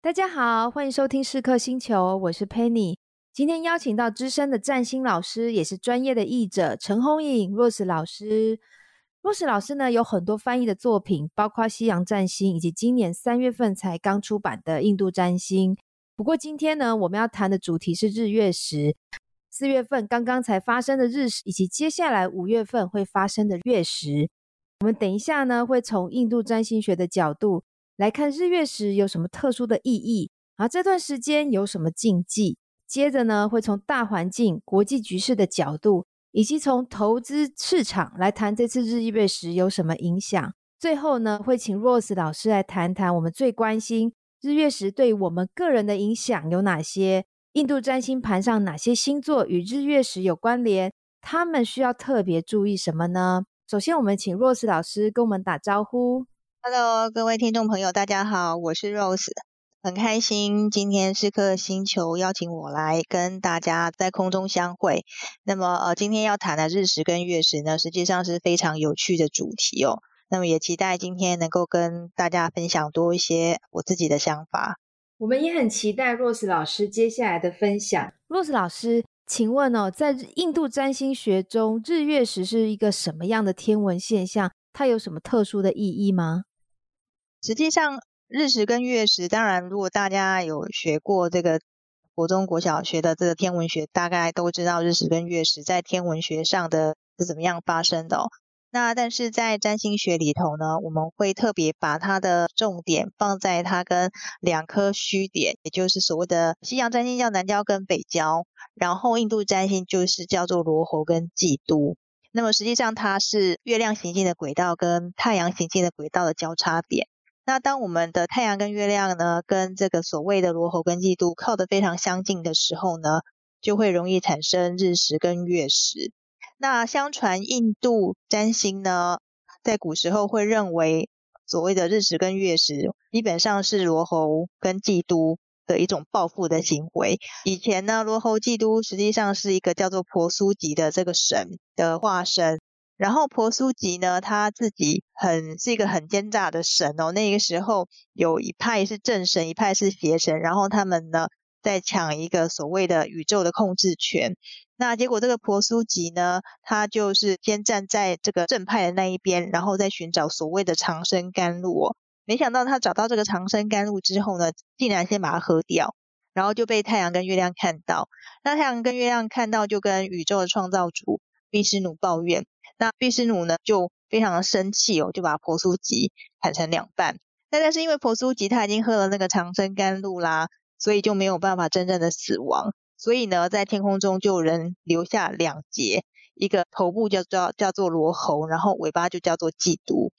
大家好，歡迎收聽《時刻星球》，我是 Penny。今天邀請到資深的占星老師，也是專業的譯者陳紅穎 Rose 老師。Rose 老師呢，有很多翻譯的作品，包括《西洋占星》，以及今年三月份才剛出版的《印度占星》。不過今天呢，我們要談的主題是日月食，四月份剛剛才發生的日食，以及接下來五月份會發生的月食。我們等一下呢，會從印度占星學的角度來看日月食有什麼特殊的意義，而這段時間有什麼禁忌？接着呢，會從大環境、國際局勢的角度，以及從投資市場來談這次日月食有什麼影響？最後呢，會請 Rose 老師來談談我們最關心日月食對我們個人的影響有哪些？印度占星盤上哪些星座與日月食有關聯？他們需要特別注意什麼呢？首先，我們請 Rose 老師跟我們打招呼。Hello，各位聽眾朋友，大家好，我是 Rose，很開心今天是顆星球邀請我來跟大家在空中相會。那麼，呃，今天要談的日食跟月食呢，實際上是非常有趣的主題哦。那麼，也期待今天能夠跟大家分享多一些我自己的想法。我們也很期待 Rose 老師接下來的分享。Rose 老師。請問哦，在印度占星學中，日月食是一個什麼樣的天文現象？它有什麼特殊的意義嗎？實際上，日食跟月食，當然，如果大家有學過這個國中國小學的這個天文學，大概都知道日食跟月食在天文學上的是怎麼樣發生的哦。那但是在占星學裡頭呢，我們會特別把它的重點放在它跟兩顆虛點，也就是所謂的西洋占星叫南交跟北交，然後印度占星就是叫做羅睺跟計都。那麼實際上它是月亮行進的軌道跟太陽行進的軌道的交叉點。那當我們的太陽跟月亮呢，跟這個所謂的羅睺跟計都靠得非常相近的時候呢，就會容易產生日食跟月食。那相傳印度占星呢，在古時候會認為所謂的日食跟月食，基本上是羅睺跟計都的一種報復的行為。以前呢，羅睺計都實際上是一個叫做婆蘇吉的這個神的化身。然後婆蘇吉呢，他自己很是一個很奸詐的神哦。那個時候有一派是正神，一派是邪神，然後他們呢。在搶一個所謂的宇宙的控制權，那結果這個婆蘇吉呢，他就是先站在這個正派的那一邊，然後再尋找所謂的長生甘露哦。沒想到他找到這個長生甘露之後呢，竟然先把它喝掉，然後就被太陽跟月亮看到。那太陽跟月亮看到，就跟宇宙的創造主畢斯努抱怨。那畢斯努呢，就非常的生氣哦，就把婆蘇吉砍成兩半。那但，但是因為婆蘇吉他已經喝了那個長生甘露啦。所以就沒有辦法真正的死亡，所以呢，在天空中就人留下兩截，一個頭部叫做叫做羅睺，然後尾巴就叫做計都。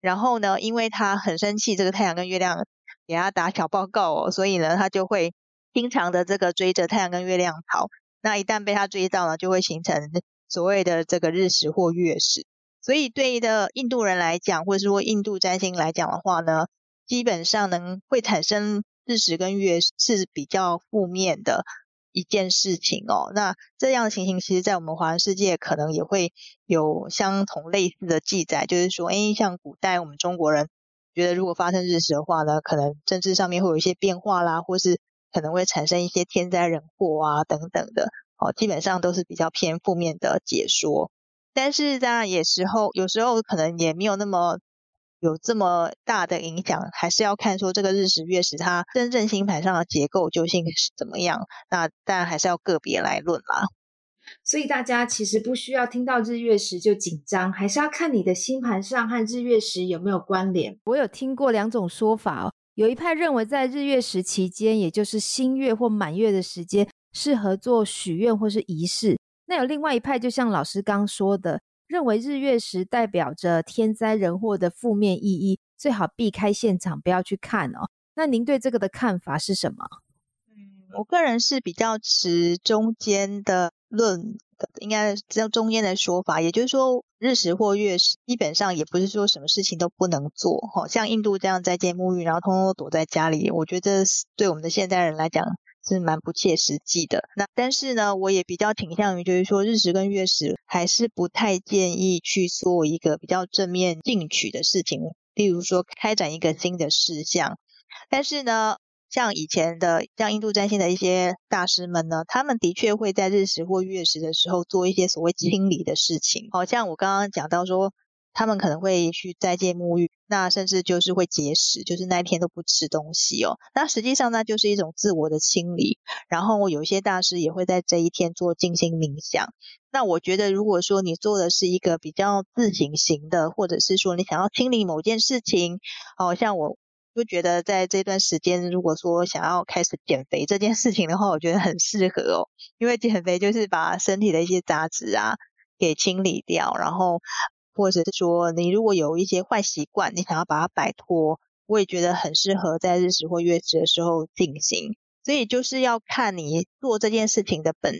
然後呢，因為他很生氣，這個太陽跟月亮給他打小報告哦，所以呢，他就會經常的這個追着太陽跟月亮跑。那一旦被他追到呢，就會形成所謂的這個日食或月食。所以對於的，印度人來講，或者是說印度占星來講的話呢，基本上能會產生。日食跟月是比較負面的一件事情哦。那這樣的情形，其實在我們華人世界可能也會有相同類似的記載，就是說，哎，像古代我們中國人覺得，如果發生日食的話呢，可能政治上面會有一些變化啦，或是可能會產生一些天災人禍啊等等的。哦，基本上都是比較偏負面的解說。但是當然有時候，有時候可能也沒有那麼。有這麼大的影響，還是要看說這個日食月食它真正星盤上的結構究竟是怎麼樣。那當然還是要個別來論啦。所以大家其實不需要聽到日月食就緊張，還是要看你的星盤上和日月食有沒有關聯。我有聽過兩種說法哦，有一派認為在日月食期間，也就是新月或滿月的時間，適合做許願或是儀式。那有另外一派，就像老師剛說的，認為日月食，代表着天災人禍的負面意義，最好避開現場，不要去看哦。那您對這個的看法是什麼？嗯，我個人是比較持中間的論的，應該叫中間的說法，也就是說日食或月食，基本上也不是說什麼事情都不能做哈。像印度這樣在建沐浴，然後通通躲在家裡，我覺得對我們的現代人來講，是蠻不切實際的。那但是呢，我也比較傾向於，就是說日食跟月食還是不太建議去做一個比較正面進取的事情，例如說開展一個新的事項。但是呢，像以前的像印度占星的一些大師們呢，他們的確會在日食或月食的時候做一些所謂清理的事情，好像我剛剛講到說，他們可能會去齋戒沐浴。那甚至就是會節食，就是那一天都不吃東西哦。那實際上那就是一種自我的清理。然後有些大師也會在這一天做靜心冥想。那我覺得，如果說你做的是一個比較自省型的，或者是說你想要清理某件事情，好、哦、像我就覺得在這段時間，如果說想要開始減肥這件事情的話，我覺得很適合哦。因為減肥就是把身體的一些雜質啊給清理掉，然後。或者是說，你如果有一些壞習慣，你想要把它擺脫，我也覺得很適合在日食或月食的時候進行。所以就是要看你做這件事情的本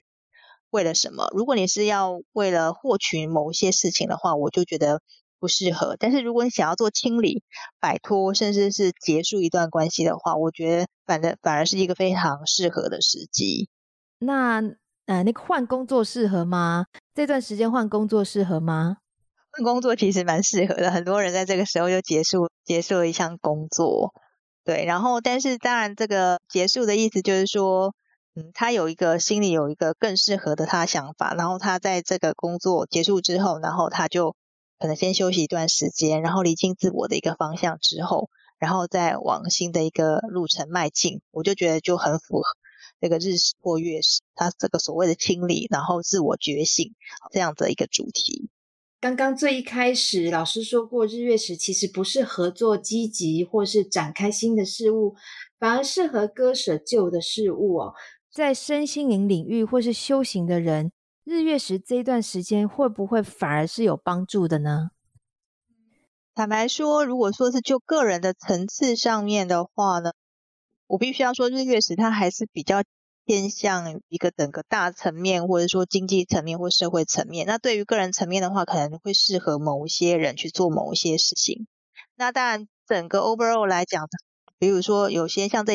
為了什麼。如果你是要為了獲取某些事情的話，我就覺得不適合。但是如果你想要做清理、擺脫，甚至是結束一段關係的話，我覺得反正反而是一個非常適合的時機。那呃，那個換工作適合嗎？這段時間換工作適合嗎？工作其實蠻適合的，很多人在這個時候就結束結束了一項工作，對，然後但是當然這個結束的意思就是說，嗯，他有一個心裡有一個更適合的他想法，然後他在這個工作結束之後，然後他就可能先休息一段時間，然後理清自我的一個方向之後，然後再往新的一個路程邁進，我就覺得就很符合這個日食或月食他這個所謂的清理，然後自我覺醒這樣的一個主題。剛剛最一開始，老師說過日月蝕其實不適合做積極或是展開新的事物，反而適合割捨舊的事物哦。在身心靈領域或是修行的人，日月蝕這一段時間會不會反而是有幫助的呢？坦白說，如果說是就個人的層次上面的話呢，我必須要說日月蝕它還是比較。偏向一個整個大層面，或者說經濟層面或社會層面。那對於個人層面的話，可能會適合某一些人去做某一些事情。那當然，整個 overall 來講，比如說有些像這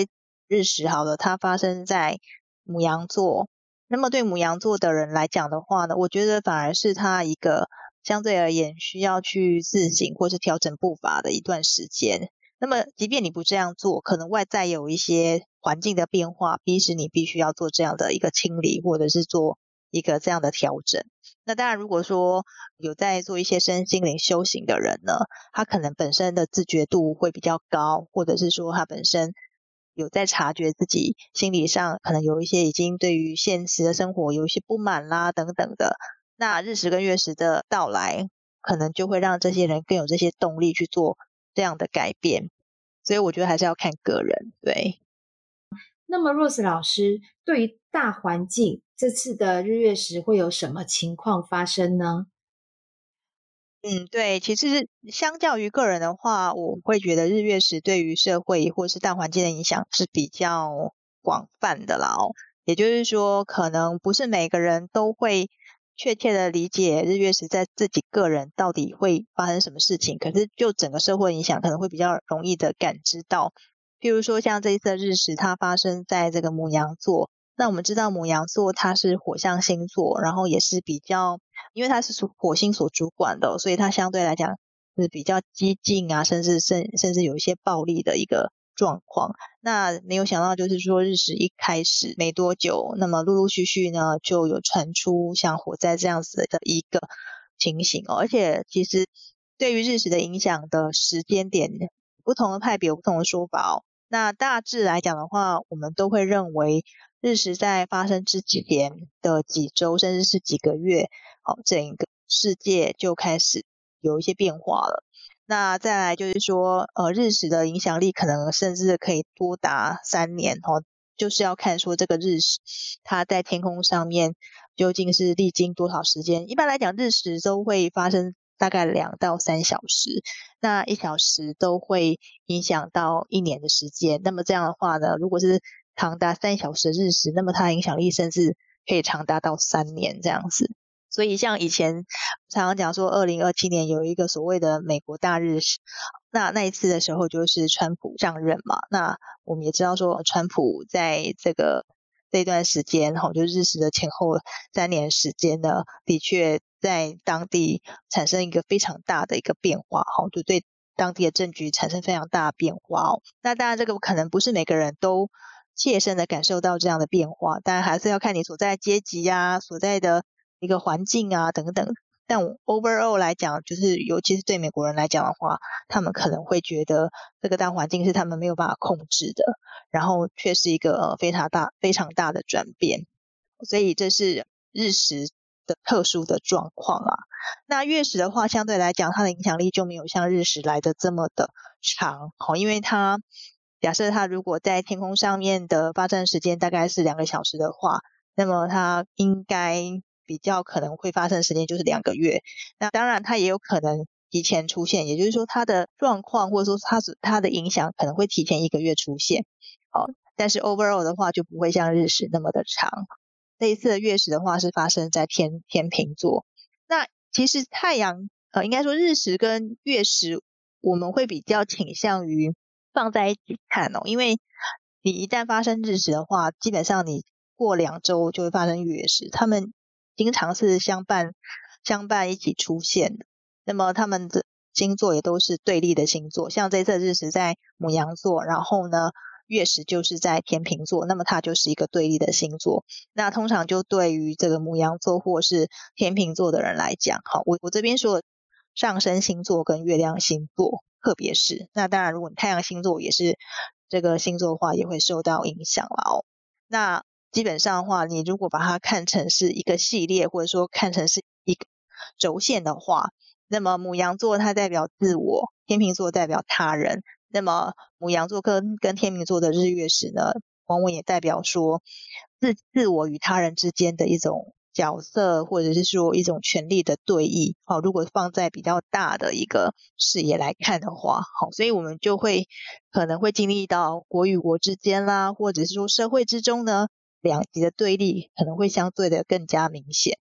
日食，好了，它發生在牡羊座。那麼對牡羊座的人來講的話呢，我覺得反而是他一個相對而言需要去自省或是調整步伐的一段時間。那麼即便你不這樣做，可能外在有一些。環境的變化，迫使你必須要做這樣的一個清理，或者是做一個這樣的調整。那當然，如果說有在做一些身心靈修行的人呢，他可能本身的自覺度會比較高，或者是說他本身有在察覺自己心理上可能有一些已經對於現實的生活有一些不滿啦等等的。那日食跟月食的到來，可能就會讓這些人更有這些動力去做這樣的改變。所以我覺得還是要看個人，對。那麼，Rose 老師對於大環境這次的日月食會有什麼情況發生呢？嗯，對，其實相較於個人的話，我會覺得日月食對於社會或是大環境的影響是比較廣泛的啦哦。也就是說，可能不是每個人都會確切的理解日月食在自己個人到底會發生什麼事情，可是就整個社會影響，可能會比較容易的感知到。譬如說，像這一次的日食，它發生在這個牡羊座。那我們知道牡羊座它是火象星座，然後也是比較，因為它是屬火星所主管的，所以它相對來講是比較激進啊，甚至甚甚至有一些暴力的一個狀況。那沒有想到，就是說日食一開始沒多久，那麼陸陸續續呢，就有傳出像火災這樣子的一個情形哦。而且其實對於日食的影響的時間點，不同的派別有不同的說法哦。那大致來講的話，我們都會認為日食在發生之前的幾週，甚至是幾個月，好，整個世界就開始有一些變化了。那再來就是說，呃，日食的影響力可能甚至可以多達三年哦，就是要看說這個日食它在天空上面究竟是歷經多少時間。一般來講，日食都會發生。大概兩到三小時，那一小時都會影響到一年的時間。那麼這樣的話呢，如果是長達三小時的日食，那麼它的影響力甚至可以長達到三年這樣子。所以像以前常常講說，二零二七年有一個所謂的美國大日食，那那一次的時候就是川普上任嘛。那我們也知道說，川普在這個這段時間，哈，就日食的前後三年時間呢，的確，在當地產生一個非常大的一個變化，哈，就對當地的政局產生非常大的變化哦。那當然，這個可能不是每個人都切身的感受到這樣的變化，但還是要看你所在的階級呀、啊、所在的一個環境啊等等。但我 overall 來講，就是尤其是對美國人來講的話，他們可能會覺得這個大環境是他們沒有辦法控制的，然後卻是一個非常大、非常大的轉變。所以這是日食。的特殊的狀況啊，那月食的話，相對來講，它的影響力就沒有像日食來的這麼的長哦，因為它假設它如果在天空上面的發生時間大概是兩個小時的話，那麼它應該比較可能會發生時間就是兩個月，那當然它也有可能提前出現，也就是說它的狀況或者說它是它的影響可能會提前一個月出現哦，但是 overall 的話就不會像日食那麼的長。這一次的月食的話是發生在天天秤座。那其實太陽呃，應該說日食跟月食，我們會比較傾向於放在一起看哦，因為你一旦發生日食的話，基本上你過兩周就會發生月食，他們經常是相伴相伴一起出現的。那麼他們的星座也都是對立的星座，像這一次日食在牡羊座，然後呢，月食就是在天秤座，那麼它就是一個對立的星座。那通常就對於這個牡羊座或是天秤座的人來講，好，我我這邊說上升星座跟月亮星座，特別是那當然，如果你太陽星座也是這個星座的話，也會受到影響啦哦。那基本上的話，你如果把它看成是一個系列，或者說看成是一個軸線的話，那麼牡羊座它代表自我，天秤座代表他人。那麼牡羊座跟跟天秤座的日月食呢，往往也代表說自自我與他人之間的一種角色，或者是說一種權力的對弈。好，如果放在比較大的一個視野來看的話，好，所以我們就會可能會經歷到國與國之間啦，或者是說社會之中呢，兩極的對立可能會相對的更加明顯。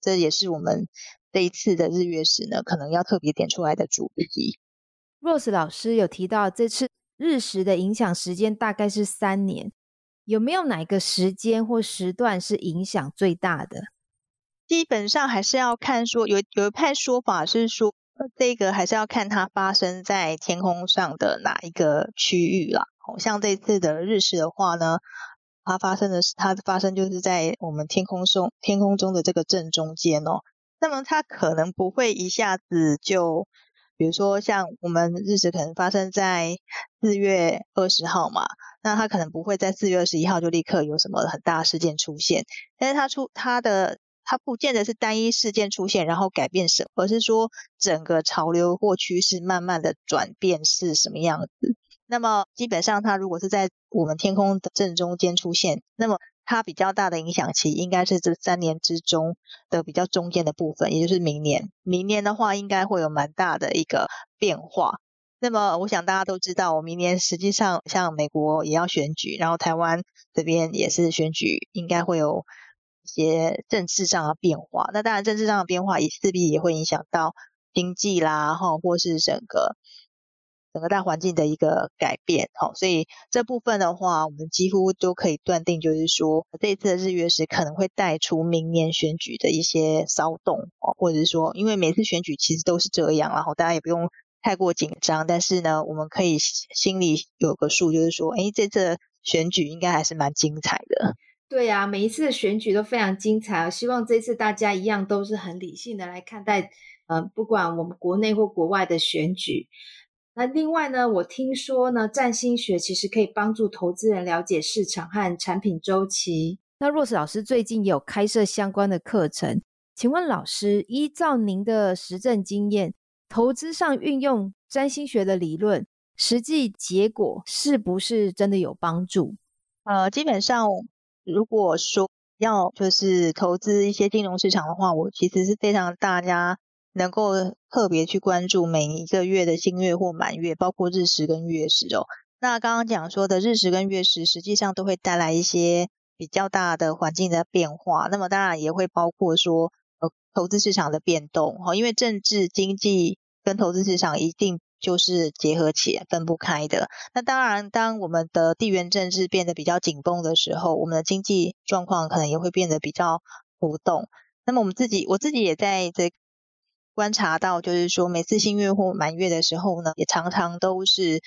這也是我們這一次的日月食呢，可能要特別點出來的主題。Rose 老師有提到，這次日食的影響時間大概是三年，有沒有哪一個時間或時段是影響最大的？基本上還是要看說，有有一派說法是說，這個還是要看它發生在天空上的哪一個區域啦。好、哦、像這次的日食的話呢，它發生的是它發生就是在我們天空中天空中的這個正中間哦，那麼它可能不會一下子就。比如說，像我們日蝕可能發生在四月二十號嘛，那它可能不會在四月二十一號就立刻有什麼很大事件出現，但是它出它的它不見得是單一事件出現然後改變什麼，而是說整個潮流或趨勢慢慢的轉變是什麼樣子。那麼基本上，它如果是在我們天空的正中間出現，那麼它比較大的影響期應該是這三年之中的比較中間的部分，也就是明年。明年的話，應該會有蠻大的一個變化。那麼，我想大家都知道，我明年實際上像美國也要選舉，然後台灣這邊也是選舉，應該會有一些政治上的變化。那當然，政治上的變化也勢必也會影響到經濟啦，哈，或是整個。整個大環境的一個改變，好，所以這部分的話，我們幾乎都可以斷定，就是說這一次的日月食可能會帶出明年選舉的一些騷動，或者是說，因為每次選舉其實都是這樣，然後大家也不用太過緊張，但是呢，我們可以心裡有個數，就是說，哎，這次選舉應該還是蠻精彩的。對呀、啊，每一次選舉都非常精彩，希望這次大家一樣都是很理性的來看待，嗯、呃，不管我們國內或國外的選舉。那另外呢，我聽說呢，占星學其實可以幫助投資人了解市場和產品周期。那 Rose 老師最近有開設相關的課程，請問老師，依照您的實證經驗，投資上運用占星學的理論，實際結果是不是真的有幫助？呃，基本上，如果說要就是投資一些金融市場的話，我其實是非常大家。能夠特別去關注每一個月的新月或滿月，包括日食跟月食哦。那剛剛講說的日食跟月食，實際上都會帶來一些比較大的環境的變化。那麼當然也會包括說，呃，投資市場的變動哦，因為政治經濟跟投資市場一定就是結合起來分不開的。那當然，當我們的地緣政治變得比較緊繃的時候，我們的經濟狀況可能也會變得比較浮動。那麼我們自己，我自己也在這。在觀察到，就是說每次新月或滿月的時候呢，也常常都是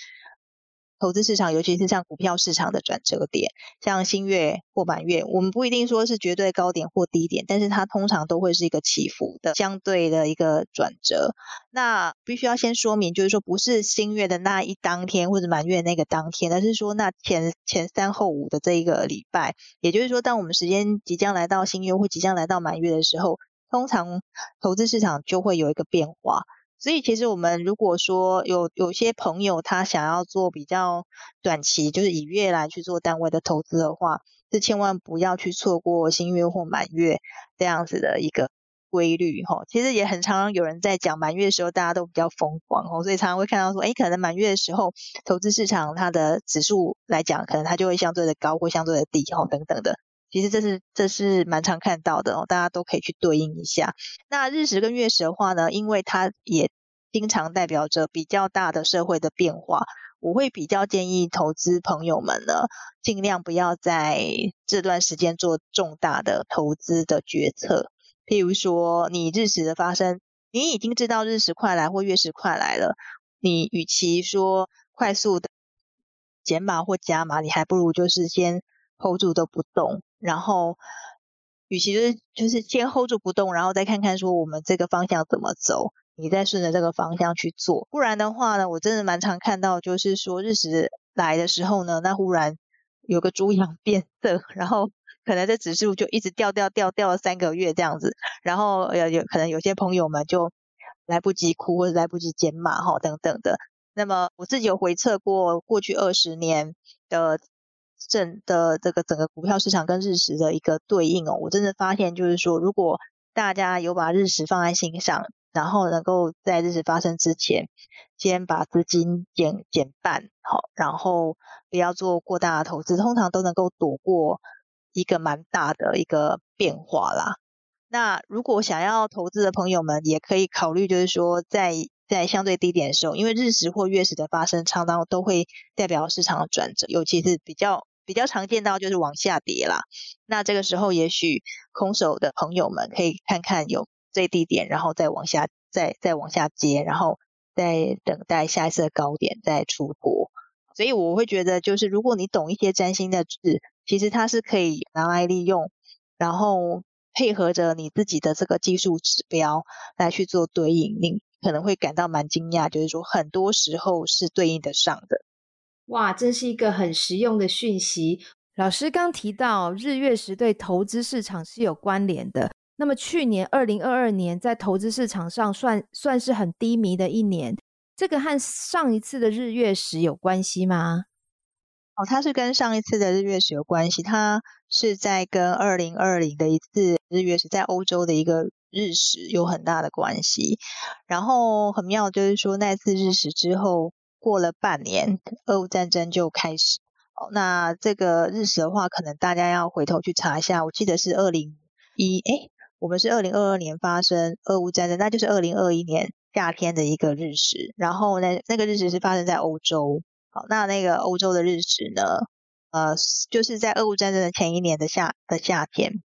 投資市場，尤其是像股票市場的轉折點，像新月或滿月，我們不一定說是絕對高點或低點，但是它通常都會是一個起伏的相對的一個轉折。那必須要先說明，就是說不是新月的那一當天或者滿月那個當天，而是說那前前三後五的這一個禮拜，也就是說，當我們時間即將來到新月或即將來到滿月的時候。通常投資市場就會有一個變化，所以其實我們如果說有有些朋友他想要做比較短期，就是以月來去做單位的投資的話，是千萬不要去錯過新月或滿月這樣子的一個規律齁。其實也很常有人在講滿月的時候大家都比較瘋狂哦，所以常常會看到說，哎、欸，可能滿月的時候投資市場它的指數來講，可能它就會相對的高或相對的低哦等等的。其實這是這是蠻常看到的哦，大家都可以去對應一下。那日食跟月食的話呢，因為它也經常代表着比較大的社會的變化，我會比較建議投資朋友們呢，盡量不要在這段時間做重大的投資的決策。譬如說，你日食的發生，你已經知道日食快來或月食快來了，你與其說快速的減碼或加碼，你還不如就是先 hold 住都不動。然後，與其就是就是先 hold 住不動，然後再看看說我們這個方向怎麼走，你再順着這個方向去做。不然的話呢，我真的蠻常看到，就是說日食來的時候呢，那忽然有個豬羊變色，然後可能這指數就一直掉掉掉掉了三個月這樣子，然後有有可能有些朋友們就來不及哭或者來不及減碼哈等等的。那麼我自己有回測過過去二十年的。正的這個整個股票市場跟日食的一個對應哦，我真的發現就是說，如果大家有把日食放在心上，然後能夠在日食發生之前先把資金減減半，好，然後不要做過大的投資，通常都能夠躲過一個蠻大的一個變化啦。那如果想要投資的朋友們，也可以考慮就是說在，在在相對低點的時候，因為日食或月食的發生，常常都會代表市場的轉折，尤其是比較。比較常見到就是往下跌啦，那這個時候也許空手的朋友們可以看看有最低點，然後再往下，再再往下接，然後再等待下一次的高點再出貨。所以我會覺得，就是如果你懂一些占星的事，其實它是可以拿來利用，然後配合着你自己的這個技術指標來去做對應，你可能會感到蠻驚訝，就是說很多時候是對應得上的。哇，真是一個很實用的訊息。老師剛提到日月食對投資市場是有關聯的。那麼去年二零二二年在投資市場上算算是很低迷的一年，這個和上一次的日月食有關係嗎？哦，它是跟上一次的日月食有關係。它是在跟二零二零的一次日月食在歐洲的一個日食有很大的關係。然後很妙就是說那次日食之後。哦過了半年，俄烏戰爭就開始。哦，那這個日食的話，可能大家要回頭去查一下。我記得是二零一，哎，我們是二零二二年發生俄烏戰爭，那就是二零二一年夏天的一個日食。然後呢，那個日食是發生在歐洲。好，那那個歐洲的日食呢，呃，就是在俄烏戰爭的前一年的夏的夏天。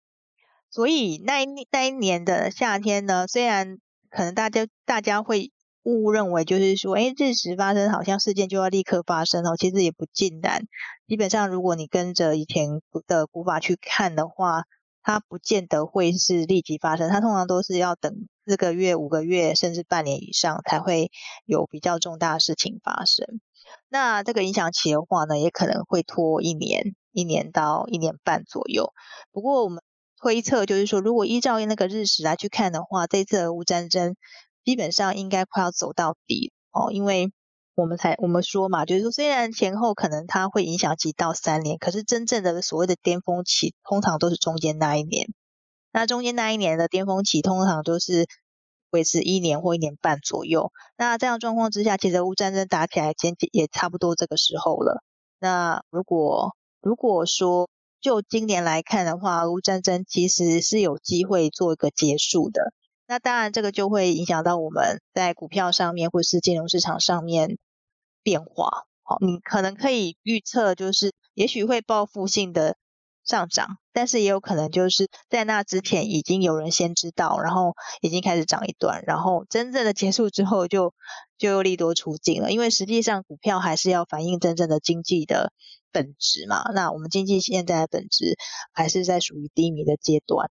所以那一那一年的夏天呢，雖然可能大家大家會。誤認為就是說，誒，日食發生好像事件就要立刻發生哦，其實也不盡然。基本上，如果你跟着以前的古法去看的話，它不見得會是立即發生，它通常都是要等四個月、五個月，甚至半年以上才會有比較重大事情發生。那這個影響期的話呢，也可能會拖一年、一年到一年半左右。不過我們推測就是說，如果依照那個日食來去看的話，這次俄烏戰爭。基本上應該快要走到底哦，因為我們才我們說嘛，就是說雖然前後可能它會影響幾到三年，可是真正的所謂的巔峰期通常都是中間那一年。那中間那一年的巔峰期通常都是維持一年或一年半左右。那這樣狀況之下，其實俄烏戰爭打起來前也差不多這個時候了。那如果如果說就今年來看的話，俄烏戰爭其實是有機會做一個結束的。那當然，這個就會影響到我們在股票上面，或是金融市場上面變化。好，你可能可以預測，就是也許會報復性的上漲，但是也有可能就是在那之前已經有人先知道，然後已經開始漲一段，然後真正的結束之後就就又利多出盡了。因為實際上股票還是要反映真正的經濟的本質嘛。那我們經濟現在的本質還是在屬於低迷的階段。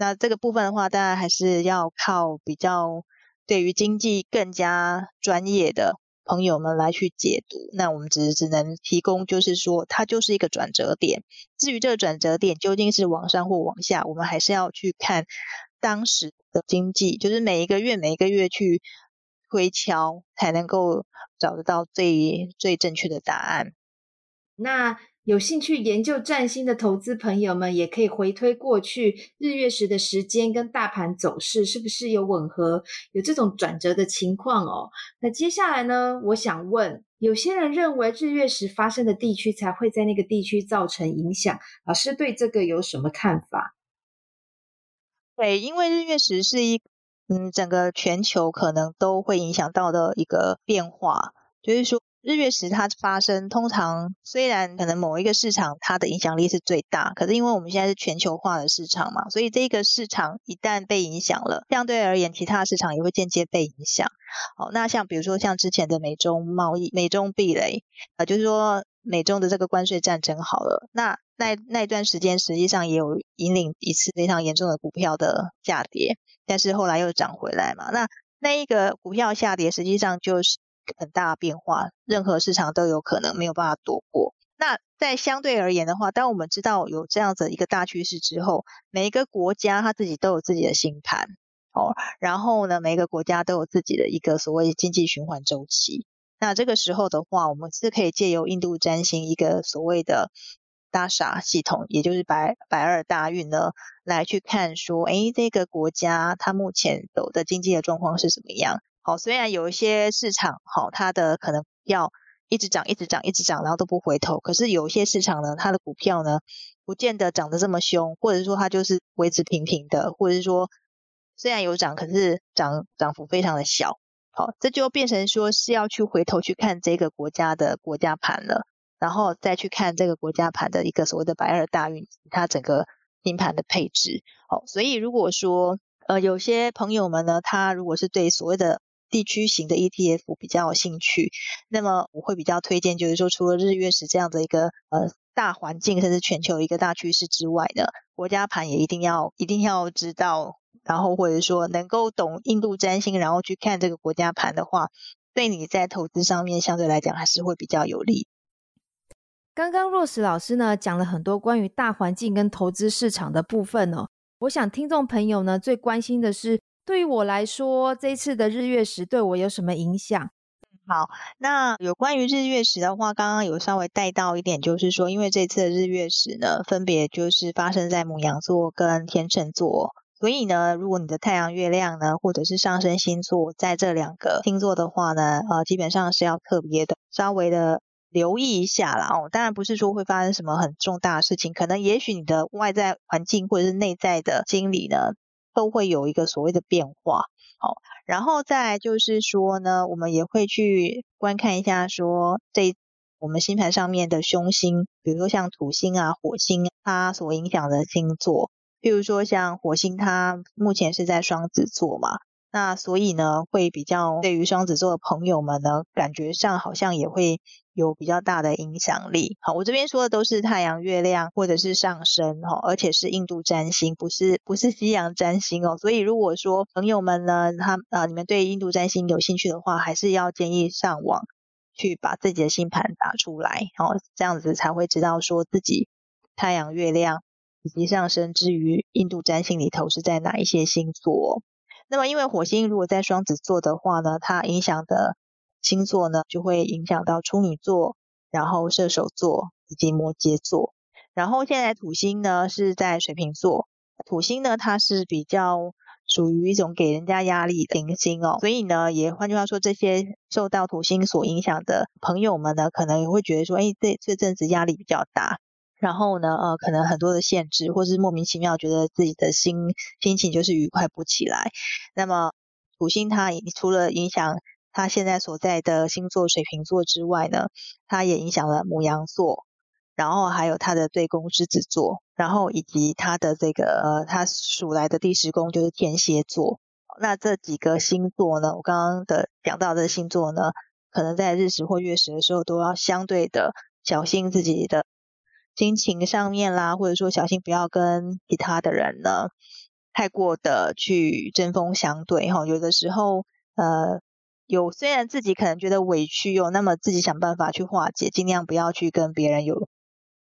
那這個部分的話，當然還是要靠比較對於經濟更加專業的朋友們來去解讀。那我們只只能提供，就是說它就是一個轉折點。至於這個轉折點究竟是往上或往下，我們還是要去看當時的經濟，就是每一個月每一個月去推敲，才能夠找得到最最正確的答案。那。有興趣研究占星的投資朋友們，也可以回推過去日月食的時間跟大盤走勢，是不是有吻合，有這種轉折的情況哦？那接下來呢？我想問，有些人認為日月食發生的地區才會在那個地區造成影響，老師對這個有什麼看法？對，因為日月食是一個嗯，整個全球可能都會影響到的一個變化，就是說。日月蝕它發生通常雖然可能某一個市場它的影響力是最大，可是因為我們現在是全球化的市場嘛，所以這個市場一旦被影響了，相對而言其他市場也會間接被影響。好、哦，那像比如說像之前的美中貿易、美中壁壘，呃、就是說美中的這個關稅戰爭好了，那那那段時間實際上也有引領一次非常嚴重的股票的下跌，但是後來又漲回來嘛。那那一個股票下跌實際上就是。很大的變化，任何市場都有可能沒有辦法躲過。那在相對而言的話，當我們知道有這樣子一個大趨勢之後，每一個國家它自己都有自己的星盤，哦，然後呢，每一個國家都有自己的一個所謂經濟循環周期。那這個時候的話，我們是可以借由印度占星一個所謂的 Dasha 系統，也就是百百二大運呢，來去看說，哎，這個國家它目前走的經濟的狀況是怎麼樣。哦，雖然有一些市場，好，它的可能要一直漲，一直漲，一直漲，然後都不回頭。可是有些市場呢，它的股票呢，不見得漲得這麼凶，或者說它就是維持平平的，或者是說雖然有漲，可是漲漲幅非常的小。好，這就變成說是要去回頭去看這個國家的國家盤了，然後再去看這個國家盤的一個所謂的百二大運，它整個金盤的配置。好，所以如果說呃有些朋友們呢，他如果是對所謂的地區型的 ETF 比較有興趣，那麼我會比較推薦，就是說除了日月食這樣的一個呃大環境，甚至全球一個大趨勢之外呢，國家盤也一定要一定要知道，然後或者說能夠懂印度占星，然後去看這個國家盤的話，對你在投資上面相對來講還是會比較有利。剛剛 Rose 老師呢講了很多關於大環境跟投資市場的部分哦，我想聽眾朋友呢最關心的是。對於我來說，這次的日月食對我有什麼影響？好，那有關於日月食的話，剛剛有稍微帶到一點，就是說，因為這次的日月食呢，分別就是發生在牡羊座跟天秤座，所以呢，如果你的太陽、月亮呢，或者是上升星座在這兩個星座的話呢，呃，基本上是要特別的稍微的留意一下啦。哦。當然不是說會發生什麼很重大的事情，可能也許你的外在環境或者是內在的心理呢。都會有一個所謂的變化，好，然後再來就是說呢，我們也會去觀看一下說這我們星盤上面的凶星，比如說像土星啊、火星，它所影響的星座，比如說像火星，它目前是在雙子座嘛。那所以呢，會比較對於雙子座的朋友們呢，感覺上好像也會有比較大的影響力。好，我這邊說的都是太陽、月亮或者是上升哈，而且是印度占星，不是不是西洋占星哦。所以如果說朋友們呢，他啊、呃，你們對印度占星有興趣的話，還是要建議上網去把自己的星盤打出來，然後這樣子才會知道說自己太陽、月亮以及上升之於印度占星裡頭是在哪一些星座。那麼，因為火星如果在雙子座的話呢，它影響的星座呢，就會影響到處女座、然後射手座以及摩羯座。然後現在土星呢是在水瓶座，土星呢它是比較屬於一種給人家壓力的行星，星哦，所以呢，也換句話說，這些受到土星所影響的朋友們呢，可能也會覺得說，哎，這這陣子壓力比較大。然後呢，呃，可能很多的限制，或是莫名其妙覺得自己的心心情就是愉快不起來。那麼土星它除了影響他現在所在的星座水瓶座之外呢，它也影響了牡羊座，然後還有它的對宮獅子座，然後以及它的這個呃，它數來的第十宮就是天蠍座。那這幾個星座呢，我剛剛的講到的星座呢，可能在日食或月食的時候都要相對的小心自己的。心情上面啦，或者說小心不要跟其他的人呢太過的去針鋒相對吼、哦。有的時候，呃，有雖然自己可能覺得委屈哦，那麼自己想辦法去化解，儘量不要去跟別人有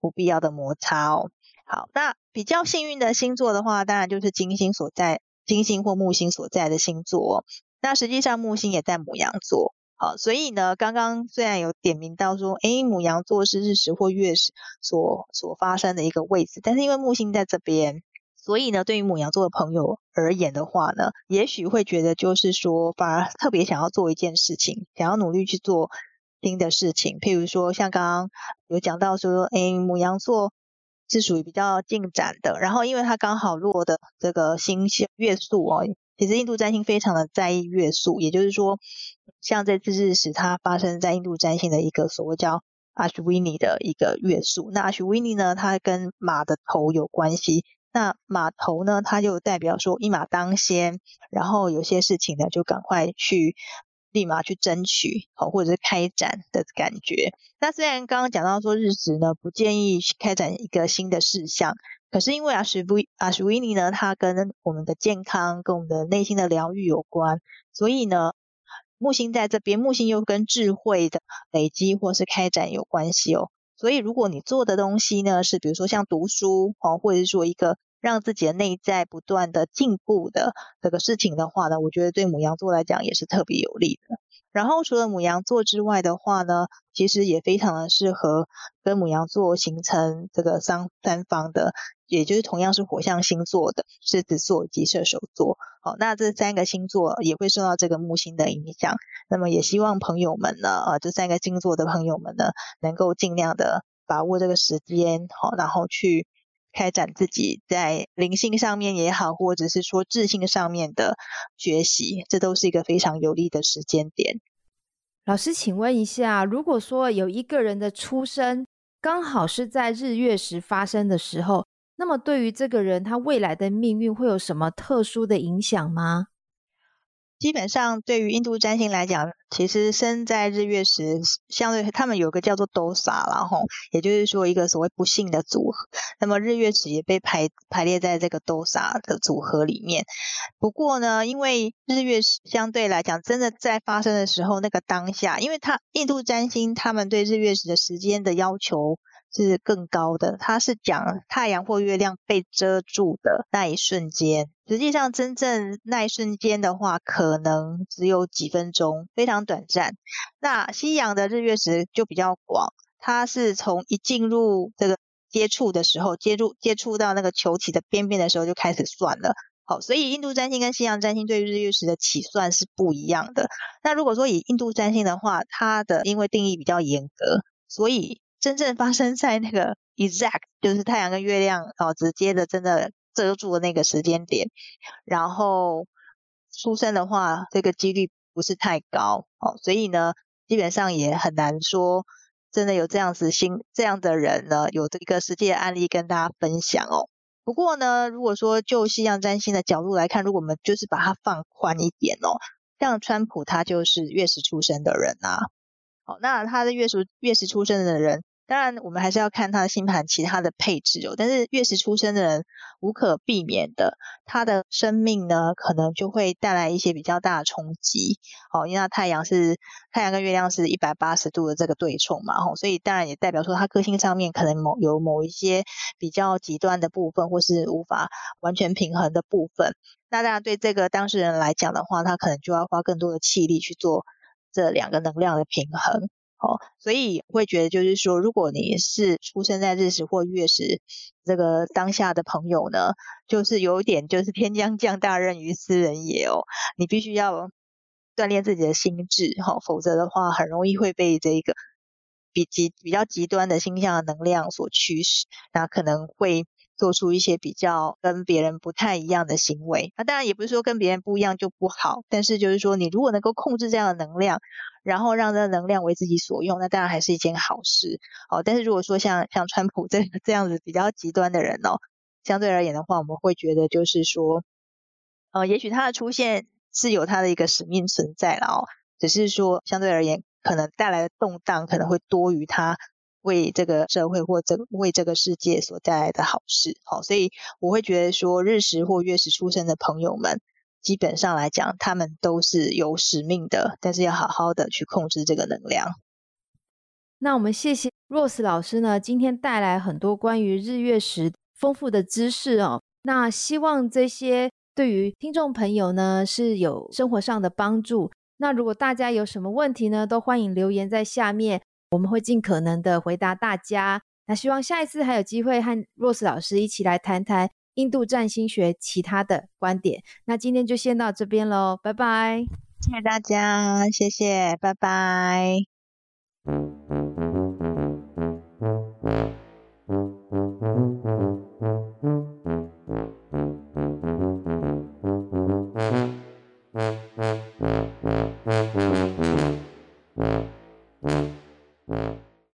不必要的摩擦哦。好，那比較幸運的星座的話，當然就是金星所在，金星或木星所在的星座。那實際上木星也在牡羊座。好，所以呢，剛剛雖然有點名到說，哎，牡羊座是日食或月食所所發生的一個位置，但是因為木星在這邊，所以呢，對於牡羊座的朋友而言的話呢，也許會覺得就是說，反而特別想要做一件事情，想要努力去做新的事情，譬如說像剛剛有講到說，哎，牡羊座是屬於比較進展的，然後因為它剛好落的這個星宿月宿哦。其實印度占星非常的在意月宿，也就是說，像這次日食它發生在印度占星的一個所謂叫 Ashwini 的一個月宿。那 Ashwini 呢，它跟馬的頭有關係。那馬頭呢，它就代表說一馬當先，然後有些事情呢就趕快去立馬去爭取，或者是開展的感覺。那雖然剛剛講到說日食呢，不建議去開展一個新的事項。可是因為阿什維啊，阿什維尼呢，它跟我們的健康、跟我們的內心的療癒有關，所以呢，木星在這邊，木星又跟智慧的累積或是開展有關係哦。所以如果你做的東西呢，是比如說像讀書或者是說一個讓自己的內在不斷的進步的這個事情的話呢，我覺得對牡羊座來講也是特別有利的。然後除了牡羊座之外的話呢，其實也非常的適合跟牡羊座形成這個三三方的。也就是同樣是火象星座的獅子座以及射手座，好，那這三個星座也會受到這個木星的影響。那麼也希望朋友們呢，呃，這三個星座的朋友們呢，能夠盡量的把握這個時間，好，然後去開展自己在靈性上面也好，或者是說智性上面的學習，這都是一個非常有利的時間點。老師，請問一下，如果說有一個人的出生剛好是在日月蝕發生的時候。那麼對於這個人，他未來的命運會有什麼特殊的影響嗎？基本上，對於印度占星來講，其實生在日月蝕，相對他們有個叫做 dosha，然後也就是說一個所謂不幸的組合。那麼日月蝕也被排排列在這個 dosha 的組合裡面。不過呢，因為日月蝕相對來講，真的在發生的時候，那個當下，因為他印度占星他們對日月蝕的時間的要求。是更高的，它是講太陽或月亮被遮住的那一瞬間。實際上，真正那一瞬間的話，可能只有幾分鐘，非常短暫。那西洋的日月食就比較廣，它是從一進入這個接觸的時候，接觸接觸到那個球體的邊邊的時候就開始算了。好，所以印度占星跟西洋占星對日月食的起算是不一樣的。那如果說以印度占星的話，它的因為定義比較嚴格，所以，真正發生在那個 exact，就是太陽跟月亮哦直接的真的遮住的那個時間點，然後出生的話，這個幾率不是太高哦，所以呢，基本上也很難說真的有這樣子心，這樣的人呢有這個實際的案例跟大家分享哦。不過呢，如果說就西洋占星的角度來看，如果我們就是把它放寬一點哦，像川普他就是月食出生的人啊，哦，那他的月食、月食出生的人。當然，我們還是要看他的星盤其他的配置哦。但是月食出生的人，無可避免的，他的生命呢，可能就會帶來一些比較大的衝擊。哦，因為他太陽是太陽跟月亮是一百八十度的這個對沖嘛，吼、哦，所以當然也代表說他個性上面可能某有某一些比較極端的部分，或是無法完全平衡的部分。那當然對這個當事人來講的話，他可能就要花更多的氣力去做這兩個能量的平衡。哦，所以會覺得就是說，如果你是出生在日蝕或月蝕這個當下的朋友呢，就是有點就是天將降，降大任於斯人也哦，你必須要鍛鍊自己的心智，哈、哦，否則的話很容易會被這個比極比較極端的星象的能量所驅使，那可能會做出一些比較跟別人不太一樣的行為。那當然也不是說跟別人不一樣就不好，但是就是說你如果能夠控制這樣的能量。然後讓這能量為自己所用，那當然還是一件好事哦。但是如果說像像川普這這樣子比較極端的人哦，相對而言的話，我們會覺得就是說，呃，也許他的出現是有他的一個使命存在了哦。只是說相對而言，可能帶來的動盪可能會多於他為這個社會或者、這個、為這個世界所帶來的好事。哦，所以我會覺得說日食或月食出生的朋友們。基本上來講，他們都是有使命的，但是要好好的去控制這個能量。那我們謝謝 Rose 老師呢，今天帶來很多關於日月食豐富的知識哦。那希望這些對於聽眾朋友呢，是有生活上的幫助。那如果大家有什麼問題呢，都歡迎留言在下面，我們會盡可能的回答大家。那希望下一次還有機會和 Rose 老師一起來談談印度占星學其他的觀點，那今天就先到這邊嘍，拜拜，謝謝大家，謝謝，拜拜。